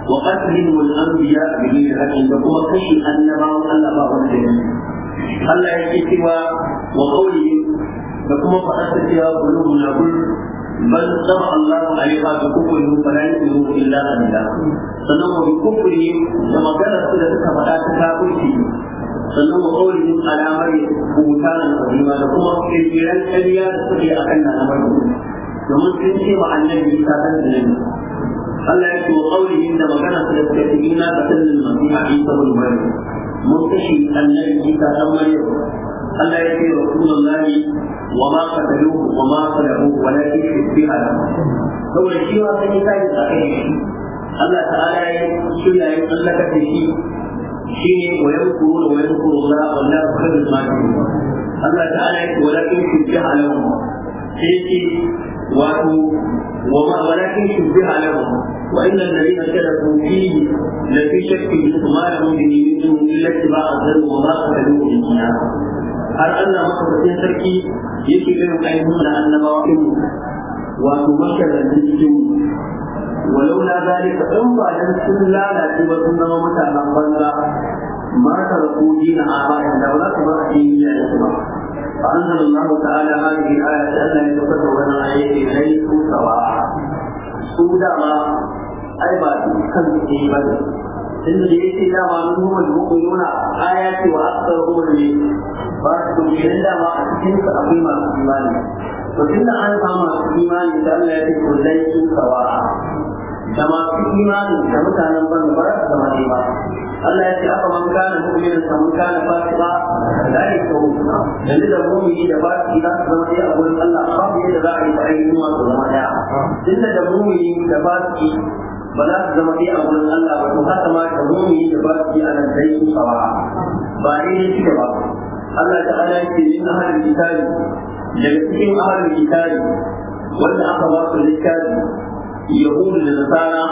وقتلهم الأنبياء بغير حق وكما كشف أن ما الله ما Allah ya ce cewa wa qawli da kuma faɗar cewa qulubun nabul bal sama Allah alaiha bi kufrihim fala yu'minu illa billah sannan wa bi kufrihim da magana su da suka faɗa ta kafirci sannan wa qawlihim ala maryam butanan qadima da kuma kirkiran kariya da suke akan nan maryam domin sun ce wa annabi ta dan nan Allah ya ce wa qawlihim da magana su da suka ce ina qatalna al-masih Isa ibn Maryam mun kashe annabi Isa dan Maryam Allah ya ce wa Rasulullahi wa ma qataluhu wa ma salabuhu walakin shubbiha lahu saboda shi wa sai Isa ya tsaka shi Allah ta'ala ya shirya ya tsallaka da shi shine wa yankuru wa yankuru Allah wallahu khairul makirin Allah ta'ala ya ce walakin shubbiha lahu sai ce wato ولكن شبه لهم وان الذين اختلفوا فيه لفي شك منه ما لهم به منهم الا اتباع الظن وما قتلوه من خلاف har Allah makwabcin sarki yake irin ainihin da annabawa ɗin wato makarantar cikin walau na zalika ɗan ba sun lalace ba sun zama mutanen banza ma ta a da فأنزل الله تعالى هذه الآية أن يتفكر بين عليه ليسوا سواء سودا ما أي ما كان تجيبا إن جئت ما منهم المؤمنون آياتي وأكثرهم المؤمنين فأكتب إلا ما أتكلم أقيم الإيمان وكل أن قام الإيمان إذا لا يكون ليسوا سواء da masu imani da mutanen ban ba su zama ba Allah ya ce aka man kana mu'minin sa man kana fasika la yakun dan da mu'mini da fasiki za su zama ɗaya a gurin Allah babu da za a yi fa'ayi kuma su zama ɗaya tunda da mu'mini da fasiki ba za su zama ɗaya a Allah ba to haka ma da mu'mini da fasiki a nan dai su sawa ba ne ne suke ba Allah ta'ala ya ce min ahlul kitabi daga cikin ahlul kitabi wanda aka ba su littafi yahudu da nasara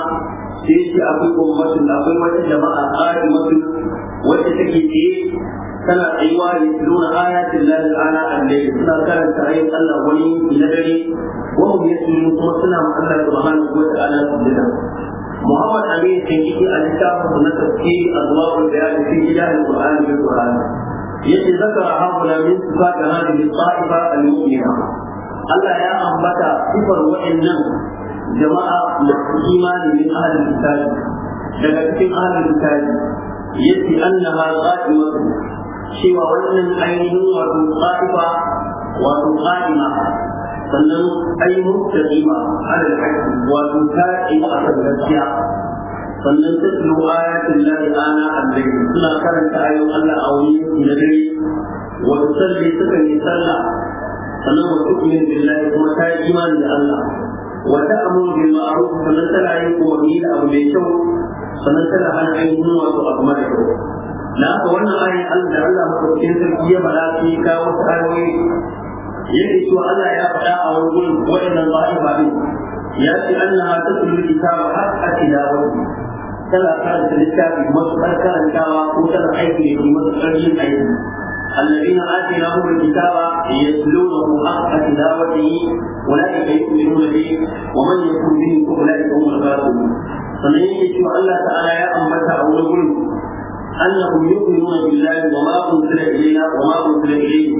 sai ce akwai ummatin akwai wata jama'a a qaimatun wacce take tsaye tana tsayuwa ne nuna ayatin lahi ala allai suna karanta ayin Allah wani na dare wa hum yasmun kuma suna ma Allah subhanahu wa ta'ala sujada Muhammad Amin kan yi a littafin na a tafsiri azwabul bayan fi ilahil qur'ani bil qur'ani yace zakara haula min sifat hadhihi al-ta'ifa al-mu'mina Allah ya ambata sifar wa'annan jama'a da imani min ahalin misali daga cikin ahalin misali yadda annaha qa'imatu cewa wannan ainihin wato qa'ifa wato qa'ima sannan ai mustaqima alal haqqi wato ta'ima akan gaskiya sannan tatlu ayatin lahi ana al-layl suna karanta ayoyin Allah a wani na dare wa tusalli sukan yi sallah sannan wa tu'min billahi kuma ta imani da Allah wata abu bil ma'ruf sannan tana yin umarni da abu mai kyau sannan tana hana ainihin wato abu mara kyau na haka wannan ayin Allah da Allah madaukakin sarki ya bala yi kawo ayoyi yake cewa Allah ya faɗa a wurin waɗannan za'ifa din ya ce annaha tatlul kitaba haqqa tilawati tana karanta littafi masu karkarantawa ko tana aiki da masu ƙarfin aiki الذين آتيناهم الكتاب يتلونه حق تلاوته أولئك يؤمنون به ومن يكفر به فأولئك هم الغالبون sannan yake cewa Allah ta'ala ya ambata a wani gurin annahum yu'minuna billahi wa ma unzila ilayna wa ma unzila ilayhi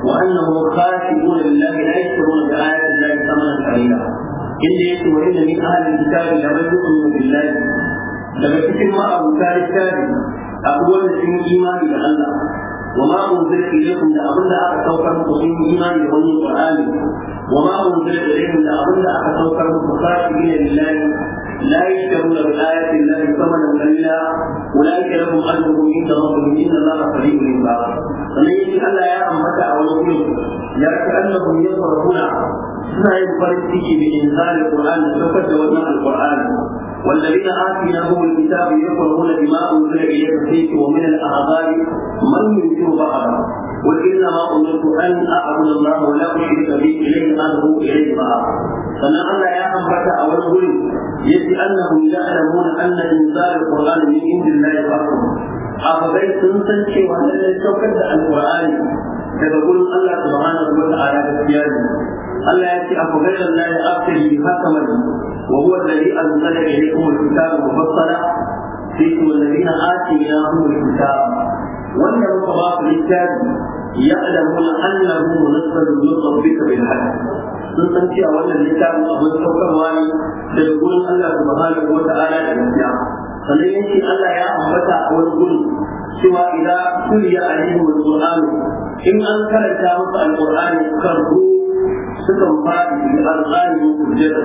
wa annahum khashi'un lillahi la yashkuruna bi ayati llahi thamanan qalila inda yake wa inna min ahli alkitabi la man yu'minu billahi daga cikin ma abu ta littafi abubuwan da sun yi imani da Allah وما أنزل إليكم لأظن أتوكر مقيم إيمان يوم القرآن وما أنزل إليكم لأظن أتوكر مخاشعين لله لا يشترون بآية الله ثمنا قليلا أولئك لهم أجرهم عند ربهم إن الله قريب الإنباء فمن يجد ألا يا أمك أو يؤمن لكأنهم يفرحون suna yin farin ciki da inzalin Qur'ani da saukar da wannan Al-Qur'ani والذين آتيناهم الكتاب يكفرون بما أنزل إليك ومن الأعذاب من ينكر بعضا قل إنما أمرت أن أعبد الله ولا أشرك به إليه أنه إليه معه sannan Allah ya ambata a wani guri yace annahum ya'lamuna anna inzal al-Qur'an min indillahi wa afa bai sun san cewa da al-Qur'ani daga gurin Allah subhanahu wa ta'ala gaskiya ne Allah ya ce abu gairar la ya afsari bi hakamar wa huwa alladhi anzala ilaykum al-kitaba mufassala sai to alladhina atainahum al-kitaba wanda muka ba su littafi يعلمون انه منزل من ربك بالحق sun san cewa wannan littafin abin saukarwa ne daga gurin Allah subhanahu wa ta'ala da gaskiya sannan yake Allah ya ambata a wani gurin cewa idan kuliya alaihim alquran in an karanta musu alqur'ani karbu suka fadi bil alqani kujjata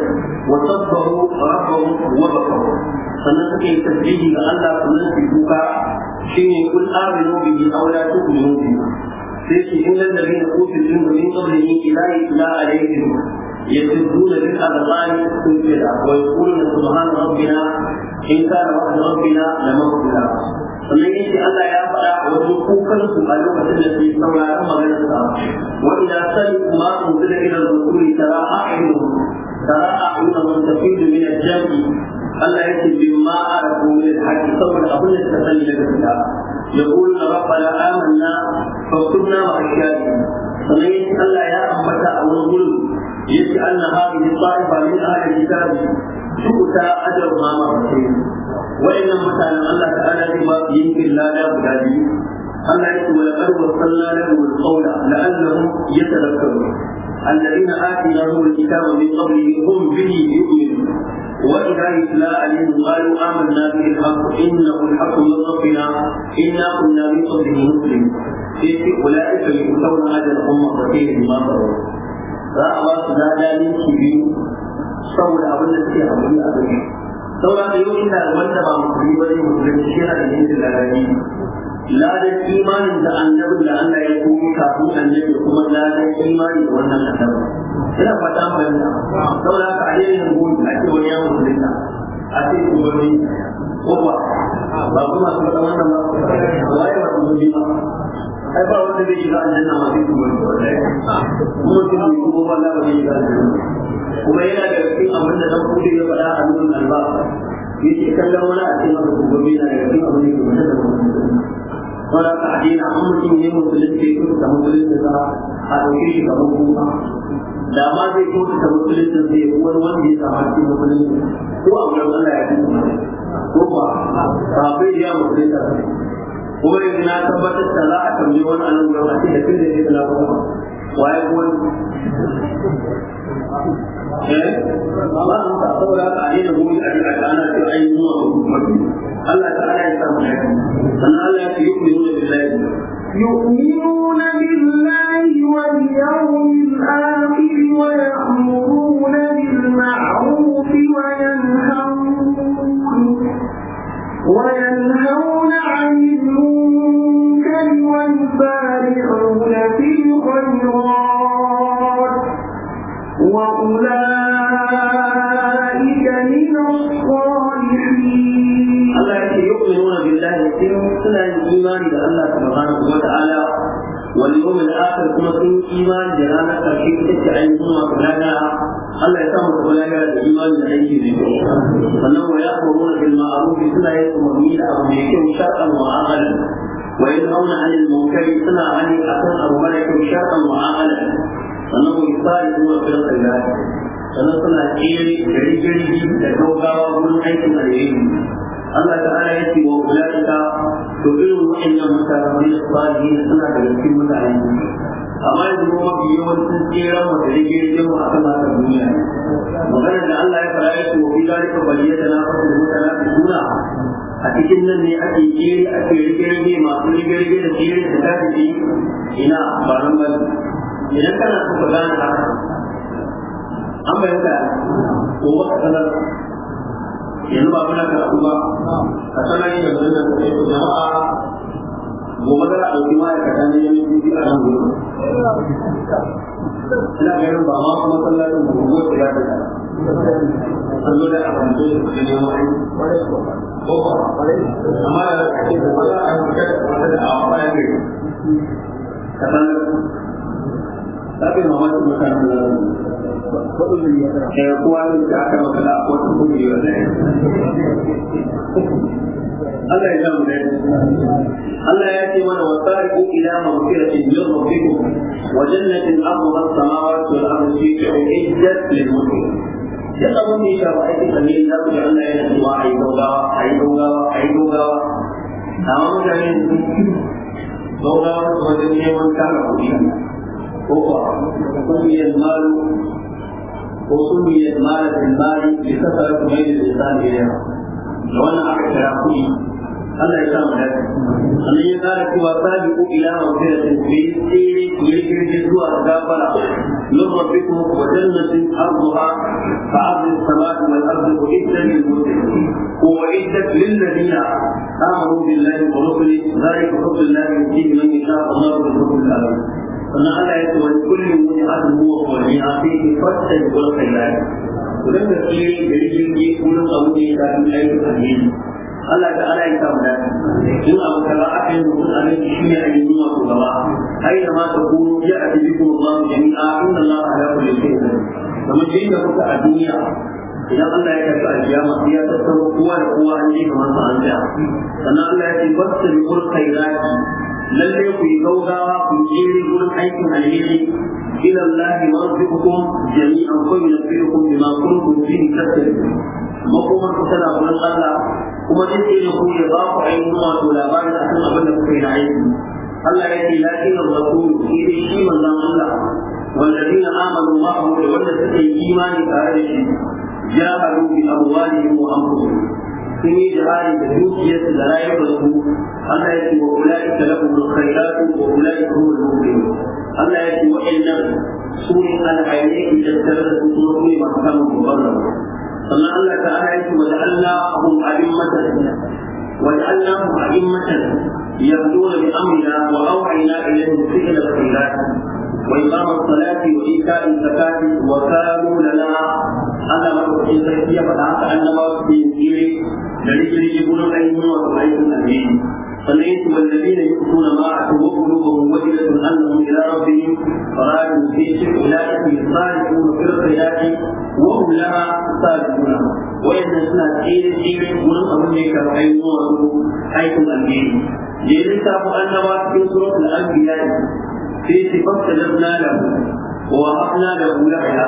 wa sabbahu rabbahum wa bakaru sannan suka yi tasbihi ga Allah sannan su kuka shine kul aminu bihi aw la tu'minu bihi sai shi in lan da bin kutul din min qablihi ila ila alaihim يسدون بالأذقان سجدا ويقولون سبحان ربنا إن كان وعد ربنا لمغفرا sannan ya ce Allah ya faɗa a wasu kukan su a lokacin da suke sauraron maganar sa wa idan sani kuma mun da irin rasuli tara a ayyuhu tara a ayyuhu mun tafi da min al-jami Allah ya ce bin ma a rabu min al-haqqi saboda abin da suka sani daga fita يقول ربنا آمنا فاكتبنا مع الشاهدين sannan ya ce Allah ya ambata a wani gurin ya ce an na haɗu da tsa'ifa min ahalin kitabi su ta ajar ma masu wa'annan mutanen Allah ta'ala zai ba su yankin lada guda biyu Allah ya ce wa laqad wasalna lahum al-qawla la'annahum yatadhakkarun alladhina atinahum al وإذا يتلى عليهم قالوا آمنا به الحق إنه الحق من ربنا إنا كنا من قبله مسلمين أولئك يؤتون أجرهم مرتين بما صبروا za a ba su lada ninki biyu saboda abin da suke haƙuri a saura da yau ina wanda ba musulmi ba ne musulunci shi yana da yin lalari ladan imanin da annabi da Allah ya koyi kafin annabi kuma ladan imani da wannan annabi ina fata mai da saboda haka a yayin a ce wani ya musulunta a ce ku bari kowa ba ku masu faɗa wannan ba waye ba ku bi ba ai ba wanda bai shiga aljanna ma zai ku bari wallahi kuma ne kuma ba za ka shiga aljanna kuma yana da cikin abin da dan kudu ya faɗa a nuna albasa ya ce kallon wani a cikin abu gobe na da cikin abin da ke mana da musulunci wala ka adina an mutum ne musulunci ko ta musulunci sa a ɗauke shi gaban kuma da ma zai ko ta musulunci zai wani wanda ya samu cikin musulunci ko a wurin Allah ya kuma mana ko ba ba bai ya musulunci kuma yanzu na tabbatar da za a tambayi wani annabawa a ce da kin da ya tsala kuma waye ko eh Allah ta saboda ka ne da a cikin mutum Allah ta ala ya mu Allah ya yi mu ne yu'minuna billahi wal yawmil akhir yi imani da ranar ƙarshe ita ce ainihin wa kulada Allah ya samu kulada da imani da aiki mai kyau sannan wa ya koro da ilma abubi suna yin umarni da abu mai kyau shar'an wa amalan wa yanhauna anil munkari suna hani akan abu mara kyau shar'an wa amalan sannan wa yusari'una fil khairat sannan suna tsere gari gari da gaugawa wurin aikin alheri Allah ta'ala ya ce wa ulaika to irin wa'annan mutane da salihin suna da cikin mutane amma yanzu kuma mafi yawancin tseren wata da ke yin wa akan haka duniya maganar da Allah ya fara yake wa bila da kabaliya da na fasa da mutane da suna a cikin nan ne ake kere a ke rike-rike masu rike-rike da tsere da tafi ina ba nan ba idan kana so ka gane haka an bayar da ko ka sanar yanzu ba muna karatu ba Ka sanar da zuwa da jama'a gobe za a ya ma'aikata ne yanzu a nan gudu ina ganin ba ma da ya a eh, ne da aka maka da akwai kuma yi wa Allah ya samu dai Allah ya ce mana wasariqu ila mawqi'atin min rabbikum wa jannatin arduha as-samawati wal ardu iddat lil muttaqin duk abin da ya shafi aikin alheri za ku ji Allah yana cewa a yi gaugawa a yi gaugawa a yi gaugawa amma mutane gaugawa su wajen neman tara kuɗi ko kuwa kungiyar malu ko kungiyar malu da mali da kasar kuma yadda da sa ne yawa da wannan aka kira kuɗi Allah ya sa mu dace sannan ya kara cewa sabiqu ila mawdi'atin fi sirri yirkirji zuwa gafara min rabbikum wa jannatin arduha fa ardu samawati wal ardu idda lil muttaqin wa idda lil ladina amanu billahi wa rusulihi dhalika fadlullahi yutihi man yasha Allahu bi fadlihi alim sannan Allah ya ce wa kullu mu'minin huwa wa ni'atihi fastabiqul khairat kullum da tsalle da rikin yi kullum abu ne da kan ayyukan alheri Allah ta ala ya sa mu dace in abu kaza aka yi mutum a nan shi ne a yi nuna ko gaba ai da ma ta kuno ya a cikin kuma Allah jami'a inna Allah ala kulli shay'in kamar shi da kuka a duniya idan Allah ya karɓi alkiyama sai ya tattaro kowa da kowa an je kamar sa an tsaya sannan Allah ya ce fasta bi kul khairati Lallai ku yi gaugawa ku je gurin aikin alheri إلى الله مرجعكم جميعا فينبئكم بما كنتم فيه تختلفون makoman ku tana gurin Allah kuma duk ne ya ba ku ainihin wato labarin akan abin da kuka yi na aiki Allah ya ce lakin rasul shi والذين آمنوا معه لولد الإيمان فهذا الشيء جاهدوا بأموالهم وأنفسهم sun yi jihari da dukiyar da rayuwar su Allah ya ce wa ulai ka lahu khairatu wa ulai ka huwa al-mu'minun Allah ya ce wa innan su ne alhaini ke tattare da su kuma ne Allah وإقام الصلاة وإيتاء الزكاة وكانوا لنا أنا مرة في سيدي فدعت أن مرة في إنجيل لرجل يقول أيمن ورأيت الأمين صليت والذين يؤتون ما أعطوا وقلوبهم وجلة أنهم إلى ربهم راجعون في شرك أولئك الصالحون في الخيرات وهم لها صالحون وإن سنة إيه إيه من أمريكا كالأيمن ورأيتم الأمين لذلك أن مرة في سورة الأنبياء sai ce fastajabna lahu wa habna lahu yahya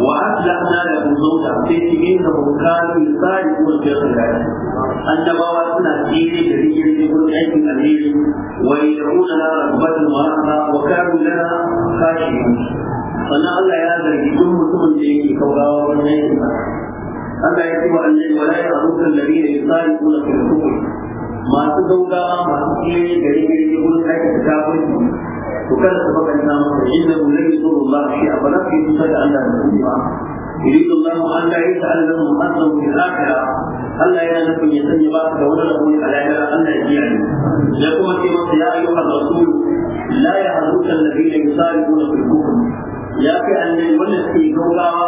wa aslahna lahu zawja sai ce inna hum kanu yusariquna fil khairat annabawa suna tsere da rigirgi gurin aikin alheri wa yad'una lana rabbatan wa rahma wa kanu lana khashi'in sannan Allah ya zargi duk mutumin da yake kaurawa wurin aikin Allah ya ce wa annabi wala masu gaugawa masu tsere da rigirgi gurin aikin kafirci to kada ka baka ina masa inna la yusuru Allah shi a fi kusa da Allah da kuma yuridu Allah an la yata'allamu annahu fil akhirah Allah ya nufin ya sanya ba da wani rabu a lahira Allah ya biya ya kuma ce masa ya ayyuhar rasul la yahzuka alladhina yusarifuna fil kufr ya fi annabi wanda suke gaugawa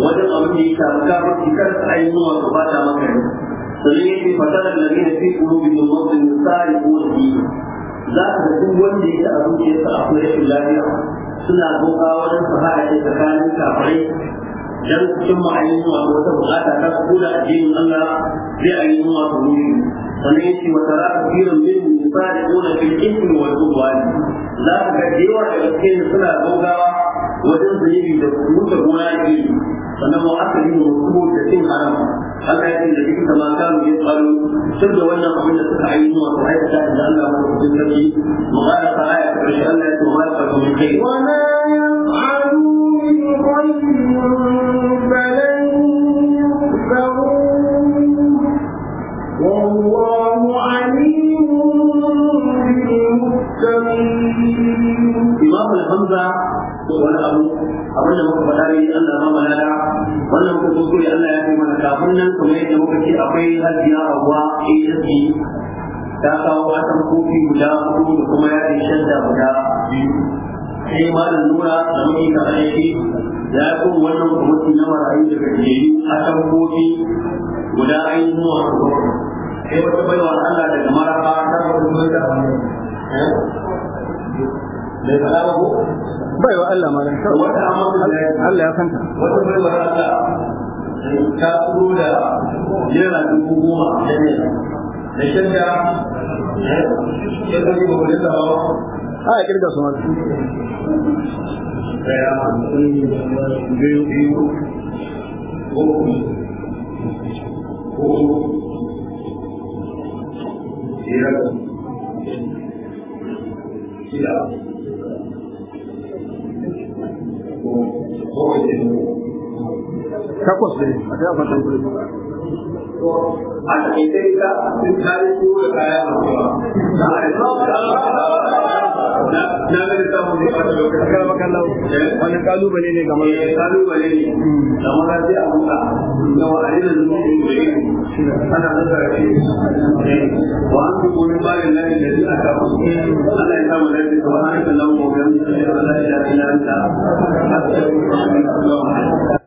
wajen abin da ya shafi kafirci kada su ainihin bata maka ne sannan yake fatara da lalina fi qulubihim mawdin yusarifuna fihi za ka ga duk wanda ya ta zuciyarsa akwai rashin lafiya suna roƙa wajen sahara ne tsakanin kafirai dan cikin ma'ayin wato wata bukata ta kula addinin Allah zai ayi wato ruhi sannan yace wa tara kafiran min nisa'una fil ismi wal udwan za ka ga yawa da cikin suna roƙawa wajen zunubi da mutu gona ne sannan wa akali ne da cin haram Allah ya da duk da mata mu yi tsaro tun da wannan abin da suka ayi wa su aikata da Allah mu ku sarki mu fara fara ta karshe Allah ya tuma ta ku kai wa ma ya'alu min khairin falan yusaru والله عليم بالمتقين إمام الحمزة ko wani abu abin da muka faɗa ne Allah ba mana da wannan muka kuskure Allah ya kai mana kafin nan kamar yadda muka ce akwai hajiya abuwa ASD ta kawo watan kofi guda hudu da kuma ya yaɗin shadda guda biyu sai malam nura da muke tare da shi ya kuma wannan kwamiti na marayu daga jeri a kan kofi guda ainihin wasu sai wata baiwa Allah daga maraka ta wata da wani da ya ko bai wa Allah malam Allah ya kanta wata bai wa Allah ta turo yana goma da shakka eh, ya zai ya kirga su ma Yeah. takwas ne a a takaice ta sun kare su ga da ne da mara sai a muka da wa